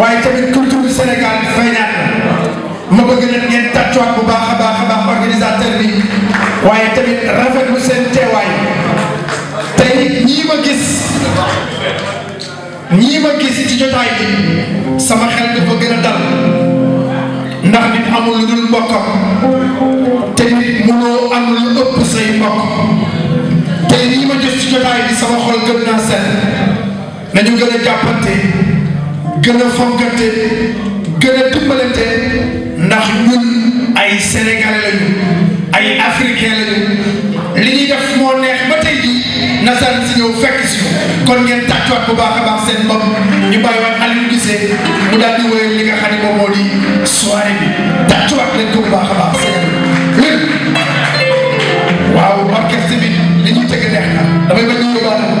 waaye tamit culture du Sénégal feeñaat na ma bëgg nag ngeen tàccuwaat bu baax a baax a baax organisateur bi waaye tamit rafetlu seen teewaay tey ñii ma gis ñii ma gis ci jotaay bi sama xel dafa gën a dal ndax nit amul lu dul mbokkam te nit munoo am lu ëpp say mbokk tey ñii ma gis ci jotaay bi sama xol gën naa set nañu gën a jàppante. gën a fonkante gën a dimbalante ndax ñun ay sénégalais lañu ay africain lañu li ñuy def moo neex ba tey jii nasaraan si ñëw fekk si kon ngeen tàccuwaat bu baax a baax seen bopp ñu bàyyiwaat Aliou Guissé mu daal di wéyal li nga xam ne moom moo di soirée bi tàccuwaat leen ko bu baax a baax seen waaw orchestre bi li ñuy tëgg neex na damay bañ a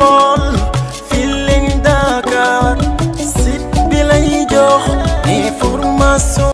xool Feeling Dakar site bi lay jox information